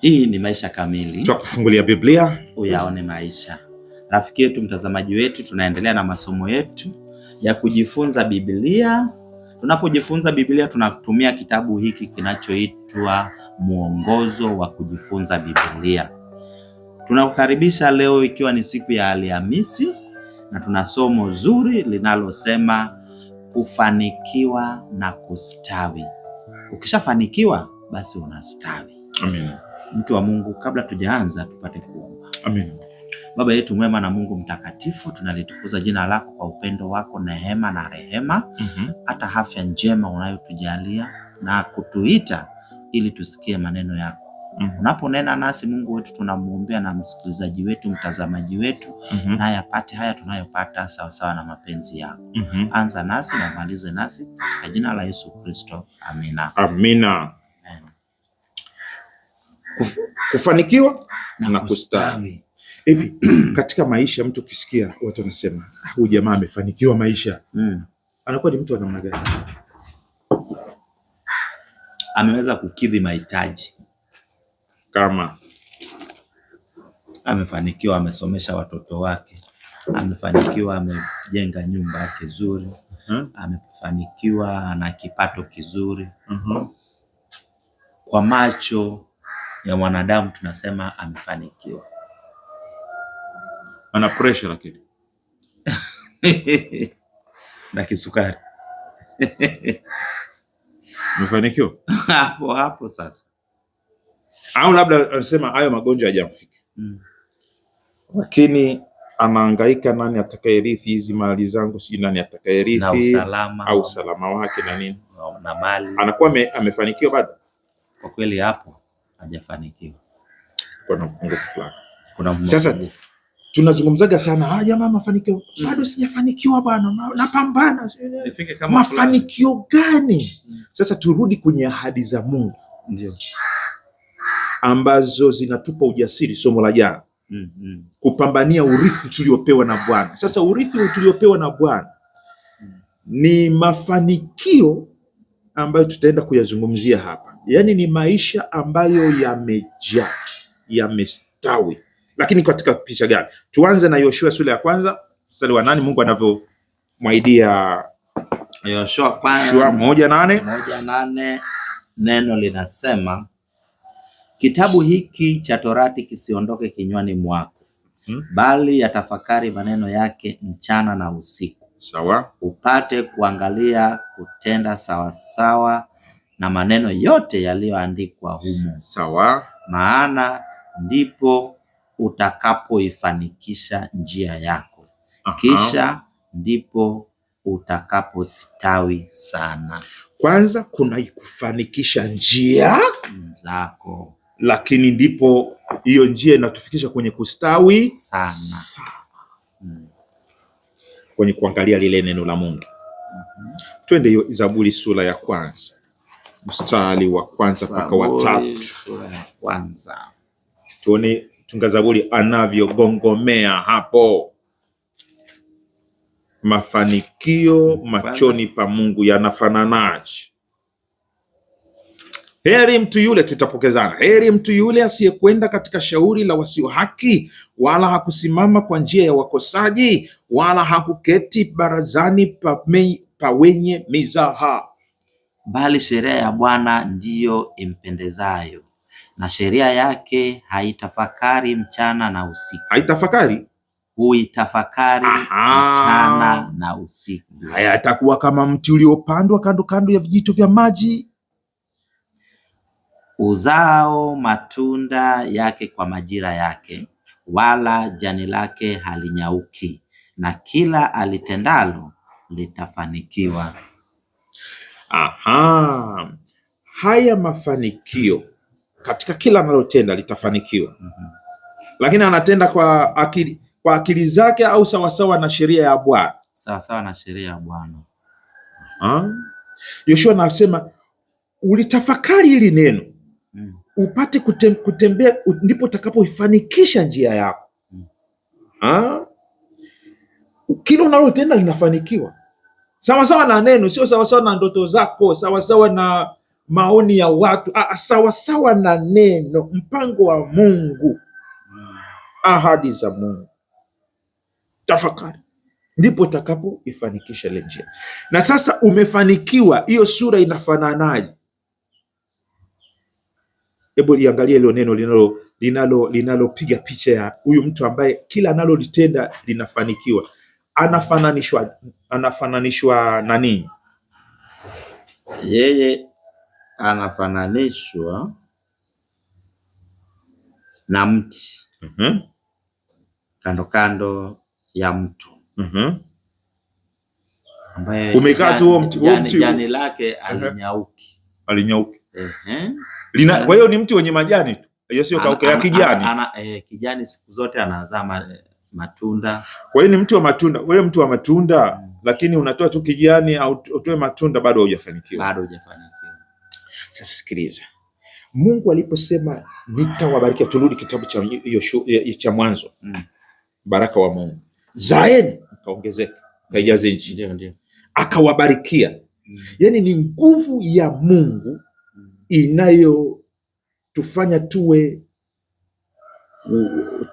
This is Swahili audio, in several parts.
Hii ni Maisha Kamili, twa kufungulia Biblia uyaone maisha. Rafiki yetu, mtazamaji wetu, tunaendelea na masomo yetu ya kujifunza Biblia. Tunapojifunza Biblia tunatumia kitabu hiki kinachoitwa Mwongozo wa Kujifunza Biblia. Tunakukaribisha leo ikiwa ni siku ya Alhamisi na tuna somo zuri linalosema kufanikiwa na kustawi. Ukishafanikiwa basi unastawi. Amina mke wa Mungu, kabla tujaanza tupate kuomba. Amen. Baba yetu mwema na Mungu mtakatifu, tunalitukuza jina lako kwa upendo wako, neema na rehema, mhm. hata mm -hmm. afya njema unayotujalia na kutuita ili tusikie maneno yako mm -hmm. unaponena nasi Mungu wetu, tunamwombea na msikilizaji wetu, mtazamaji wetu mm -hmm. naye apate haya tunayopata sawasawa na mapenzi yako mm -hmm. anza nasi na malize nasi katika jina la Yesu Kristo, amina, amina kufanikiwa na kustawi. Hivi katika maisha, mtu ukisikia watu wanasema ah, huyu jamaa amefanikiwa maisha mm. anakuwa ni mtu wa namna gani? Ameweza kukidhi mahitaji kama amefanikiwa, amesomesha watoto wake, amefanikiwa, amejenga nyumba yake nzuri hmm? amefanikiwa, na kipato kizuri -huh. Mm-hmm. kwa macho ya mwanadamu tunasema amefanikiwa. Ana pressure lakini na kisukari amefanikiwa hapo hapo sasa, au labda anasema hayo magonjwa hayajamfika mm. lakini anaangaika nani atakayerithi hizi mali zangu, sijui nani atakayerithi au usalama wake na nini na mali. Anakuwa amefanikiwa bado kwa kweli hapo hajafanikiwa, kuna upungufu fulani. Kuna sasa tunazungumzaga sana ah, jamaa mafanikio, bado sijafanikiwa bwana, napambana. mafanikio fulani. gani gani? Mm. Sasa turudi kwenye ahadi za Mungu ndio ambazo zinatupa ujasiri, somo la jana mm -hmm. kupambania urithi tuliopewa na Bwana. Sasa urithi tuliopewa na Bwana mm ni mafanikio ambayo tutaenda kuyazungumzia hapa, yaani ni maisha ambayo yamejaa, yamestawi. Lakini katika picha gani? Tuanze na Yoshua sura ya kwanza mstari wa nane, Mungu anavyomwaidia Yoshua kwanza moja nane, moja nane, neno linasema kitabu hiki cha Torati kisiondoke kinywani mwako, hmm, bali yatafakari maneno yake mchana na usiku sawa, upate kuangalia kutenda sawasawa sawa na maneno yote yaliyoandikwa humo sawa, maana ndipo utakapoifanikisha njia yako. Aha. Kisha ndipo utakapostawi sana. Kwanza kuna kufanikisha njia zako, lakini ndipo hiyo njia inatufikisha kwenye kustawi sana, sana. Hmm kwenye kuangalia lile neno la Mungu. Twende hiyo Zaburi sura ya kwanza mstari wa kwanza mpaka wa tatu, tuone mtunga Zaburi anavyogongomea hapo. Mafanikio machoni pa Mungu yanafananaje? Heri mtu yule, tutapokezana. Heri mtu yule asiyekwenda katika shauri la wasio haki, wala hakusimama kwa njia ya wakosaji, wala hakuketi barazani pa, me, pa wenye mizaha, bali sheria ya Bwana ndiyo impendezayo, na sheria yake haitafakari mchana na usiku. Haitafakari, huitafakari mchana na usiku. Haya, atakuwa kama mti uliopandwa kando kando ya vijito vya maji Uzao matunda yake kwa majira yake, wala jani lake halinyauki, na kila alitendalo litafanikiwa. Aha, haya mafanikio katika kila analotenda litafanikiwa. mm -hmm. Lakini anatenda kwa akili, kwa akili zake au sawasawa na sheria ya Bwana? Sawasawa na sheria ya Bwana. Yoshua anasema ulitafakari hili neno upate kutem, kutembea ndipo utakapoifanikisha njia yako hmm. Kila unalotenda linafanikiwa sawasawa na neno, sio sawasawa na ndoto zako, sawasawa na maoni ya watu, sawasawa na neno, mpango wa Mungu, ahadi za Mungu. Tafakari, ndipo utakapoifanikisha ile njia. Na sasa umefanikiwa, hiyo sura inafananaje? Hebu liangalie hilo neno linalo linalo linalopiga picha ya huyu mtu ambaye kila analolitenda linafanikiwa. Anafananishwa anafananishwa na nini? Yeye anafananishwa na mti mm -hmm. kando kando ya mtu mm -hmm. ambaye umekaa tu huo mti, jani lake alinyauki, alinyauki Lina, kwa hiyo ni mti wenye majani tu yasiyokauka ya kijani. Ana, eh, kijani siku zote anazaa matunda. Kwa hiyo ni mti wa matunda, wewe mti wa matunda mm. Lakini unatoa tu kijani au utoe matunda, bado hujafanikiwa. bado hujafanikiwa. Sasa sikiliza, Mungu aliposema nitawabariki, turudi kitabu cha hiyo cha Mwanzo mm. Baraka wa Mungu, zaeni kaongezeka, kaijaze nchi, ndio ndio akawabarikia mm. Yaani ni nguvu ya Mungu inayotufanya tuwe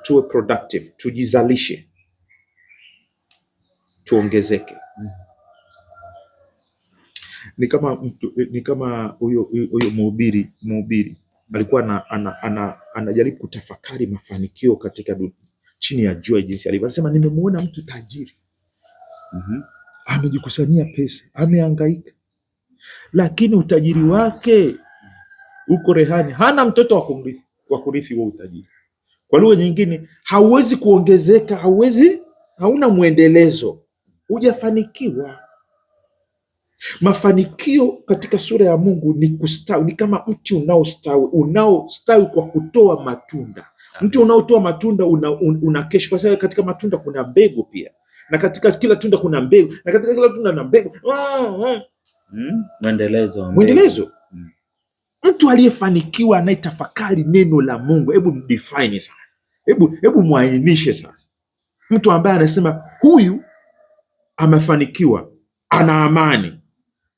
tuwe productive, tujizalishe, tuongezeke. Ni kama mtu, ni kama huyo huyo mhubiri mhubiri alikuwa na, ana, ana, anajaribu kutafakari mafanikio katika dunia chini ya jua jinsi alivyo. Anasema nimemwona mtu tajiri mm -hmm. Amejikusanyia pesa, ameangaika lakini utajiri wake uko rehani hana mtoto wa kumrithi wa kurithi huo utajiri. Kwa lugha nyingine, hauwezi kuongezeka, hauwezi, hauna mwendelezo, hujafanikiwa. Mafanikio katika sura ya Mungu ni kustawi, ni kama mti unaostawi, unaostawi kwa kutoa matunda. Mti unaotoa matunda una, un, una kesho, kwa sababu katika matunda kuna mbegu pia, na katika kila tunda kuna mbegu, na katika kila tunda na mbegu. Ah, ah. Hmm? Mwendelezo, mwendelezo Mtu aliyefanikiwa anayetafakari neno la Mungu, hebu mdefine sasa, hebu hebu mwainishe sasa. Mtu ambaye anasema huyu amefanikiwa, ana amani.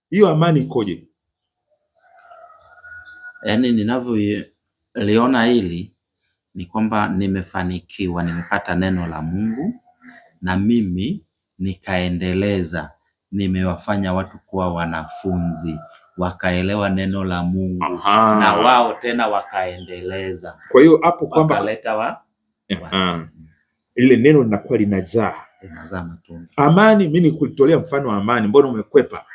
Hiyo amani ikoje? Yaani, ninavyoliona hili ni kwamba nimefanikiwa, nimepata neno la Mungu na mimi nikaendeleza, nimewafanya watu kuwa wanafunzi wakaelewa neno la Mungu Aha. na wao tena wakaendeleza. Kwa hiyo hapo kwamba wakaleta wa ile neno linakuwa linazaa linazaa matunda. Amani, mimi nikulitolea mfano wa amani, mbona umekwepa?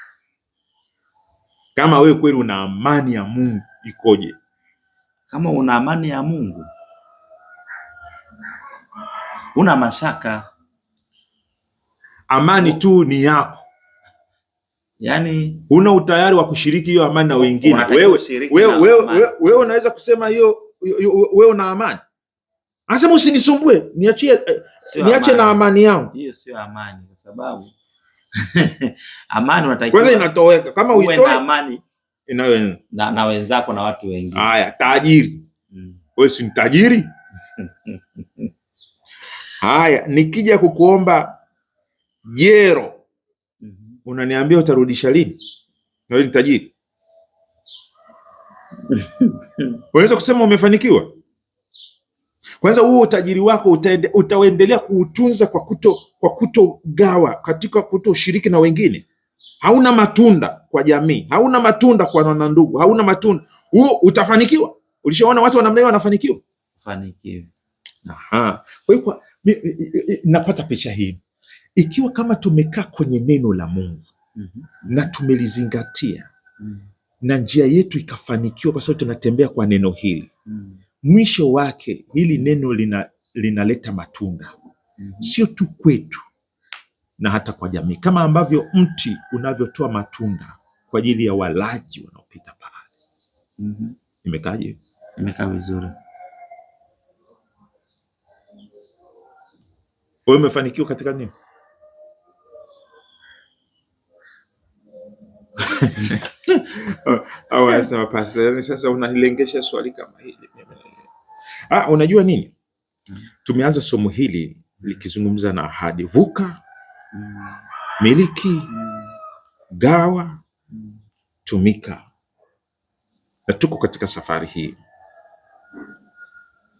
Kama wewe kweli una amani ya Mungu ikoje? Kama una amani ya Mungu una mashaka, amani tu ni yako yani, huna utayari wa kushiriki hiyo amani na wengine. Wewe wewe wewe unaweza kusema hiyo wewe una amani, anasema usinisumbue, niachie eh, niache na amani yangu. Hiyo sio amani, kwa sababu amani unatakiwa kwanza inatoweka kama uitoe amani inayo na, na wenzako na watu wengine. Haya, tajiri mm. wewe, si mtajiri? Haya, nikija kukuomba jero unaniambia utarudisha lini? Na wewe ni tajiri unaweza kusema umefanikiwa? Kwanza huo utajiri wako utaende, utaendelea kuutunza kwa kuto kwa kutogawa katika kutoshiriki na wengine. Hauna matunda kwa jamii, hauna matunda kwa wana ndugu, hauna matunda huo, utafanikiwa? Ulishaona watu wanamna namna hiyo wanafanikiwa? Fanikiwa. Aha. Kwa hiyo napata picha hii ikiwa kama tumekaa kwenye neno la Mungu mm -hmm. na tumelizingatia mm -hmm. na njia yetu ikafanikiwa, kwa sababu tunatembea kwa neno hili mm -hmm. mwisho wake hili neno lina, linaleta matunda mm -hmm. sio tu kwetu na hata kwa jamii, kama ambavyo mti unavyotoa matunda kwa ajili ya walaji wanaopita pale mm -hmm. Imekaaje? Imekaa vizuri. Wewe umefanikiwa katika nini? Au sawa pasa. Yani sasa unanilengesha swali kama hili. Ah, unajua nini? Tumeanza somo hili likizungumza na ahadi. Vuka, miliki, gawa, tumika. Na tuko katika safari hii,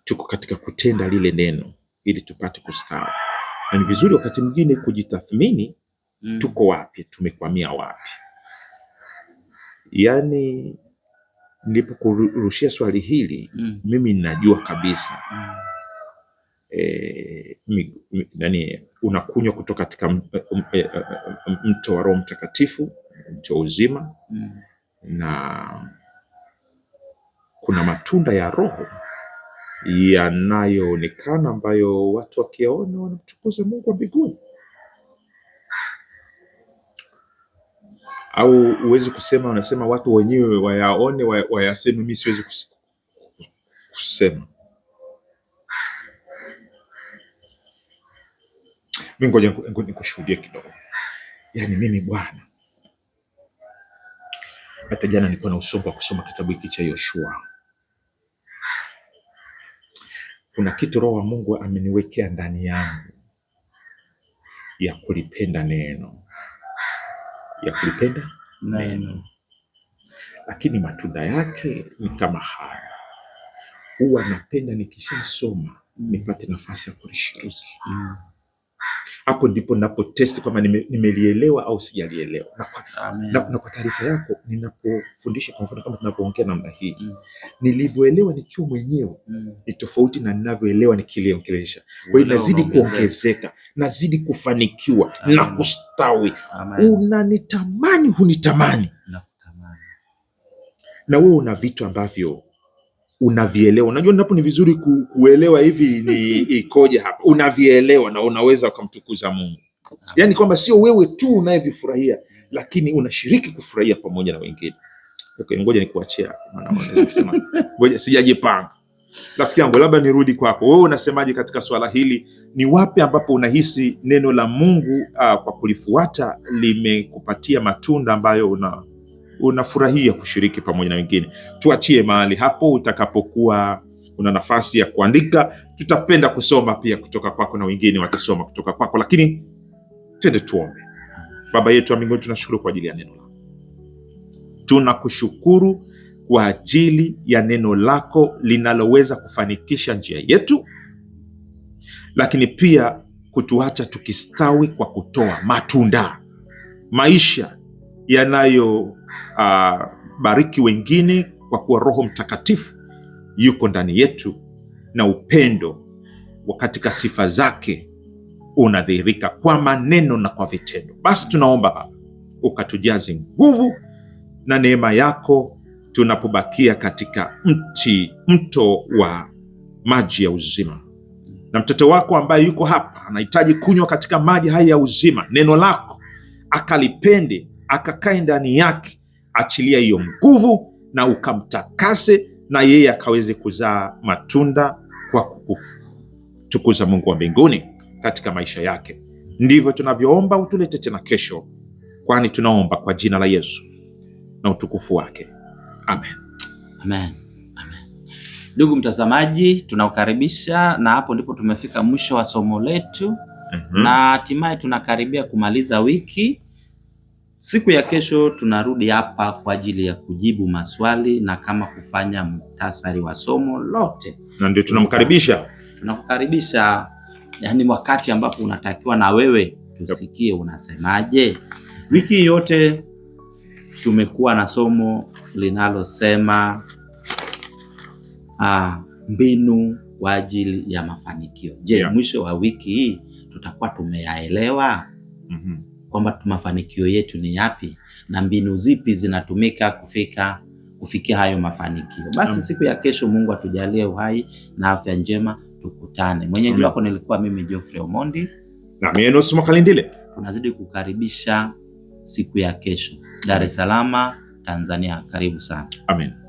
tuko katika kutenda lile neno ili tupate kustawi, na ni vizuri wakati mwingine kujitathmini, mm. tuko wapi, tumekwamia wapi yani nilipokurushia swali hili mm. mimi ninajua kabisa mm. E, mi, nani unakunywa kutoka katika eh, eh, mto wa Roho Mtakatifu, mto wa uzima mm. na kuna matunda ya Roho yanayoonekana ambayo watu wakiona wanamtukuza Mungu wa mbinguni. au huwezi kusema, unasema watu wenyewe wayaone wayaseme, mimi siwezi kusema. Mimi ngoja nikushuhudie kidogo. Yaani mimi bwana, hata jana nilikuwa na usongo wa kusoma kitabu hiki cha Yoshua. Kuna kitu Roho wa Mungu ameniwekea ndani yangu ya kulipenda neno ya kulipenda neno, lakini matunda yake ni kama haya. Huwa napenda nikishasoma nipate nafasi ya kulishiriki. Mm hapo ndipo napotesti kwamba nimelielewa nime au sijalielewa. Na, na kwa taarifa yako ninapofundisha, kwa mfano kama tunavyoongea namna hii mm. nilivyoelewa nikiwa mwenyewe mm. ni tofauti na ninavyoelewa nikiliongelesha. Kwa hiyo nazidi kuongezeka, nazidi kufanikiwa Amen. na kustawi. Unanitamani, hunitamani na wewe una vitu ambavyo unavielewa. Unajua napo ni vizuri kuelewa hivi ni ikoje hapa, unavielewa na unaweza ukamtukuza Mungu, yaani kwamba sio wewe tu unayevifurahia, lakini unashiriki kufurahia pamoja na wengine. Okay, ngoja nikuachia, maana wanaweza kusema ngoja sijajipanga. Rafiki yangu, labda nirudi kwako, wewe unasemaje katika swala hili? Ni wapi ambapo unahisi neno la Mungu uh, kwa kulifuata limekupatia matunda ambayo una unafurahia kushiriki pamoja na wengine. Tuachie mahali hapo, utakapokuwa una nafasi ya kuandika, tutapenda kusoma pia kutoka kwako na wengine watasoma kutoka kwako, lakini twende tuombe. Baba yetu wa mbinguni, tunashukuru kwa ajili ya neno lako, tunakushukuru kwa ajili ya neno lako linaloweza kufanikisha njia yetu, lakini pia kutuacha tukistawi kwa kutoa matunda, maisha yanayo uh, bariki wengine kwa kuwa Roho Mtakatifu yuko ndani yetu na upendo wa katika sifa zake unadhihirika kwa maneno na kwa vitendo. Basi tunaomba Baba, ukatujaze nguvu na neema yako tunapobakia katika mti mto wa maji ya uzima, na mtoto wako ambaye yuko hapa anahitaji kunywa katika maji haya ya uzima, neno lako akalipende, akakae ndani yake achilia hiyo nguvu na ukamtakase, na yeye akaweze kuzaa matunda kwa kukutukuza Mungu wa mbinguni katika maisha yake. Ndivyo tunavyoomba, utulete tena kesho, kwani tunaomba kwa jina la Yesu na utukufu wake. Amen, amen. Ndugu mtazamaji, tunakukaribisha na hapo ndipo tumefika mwisho wa somo letu, mm -hmm. na hatimaye tunakaribia kumaliza wiki Siku ya kesho tunarudi hapa kwa ajili ya kujibu maswali na kama kufanya muhtasari wa somo lote, na ndio tunamkaribisha tunakukaribisha, yani wakati ambapo unatakiwa na wewe tusikie unasemaje. Wiki yote tumekuwa na somo linalosema ah, mbinu kwa ajili ya mafanikio. Je, yeah. mwisho wa wiki hii tutakuwa tumeyaelewa? mm -hmm kwamba mafanikio yetu ni yapi na mbinu zipi zinatumika kufika kufikia hayo mafanikio. Basi siku ya kesho, Mungu atujalie uhai na afya njema, tukutane. Mwenyeji wako nilikuwa mimi Geoffrey Omondi na mimi Tunazidi kukaribisha siku ya kesho, Dar es Salaam, Tanzania. Karibu sana. Amen.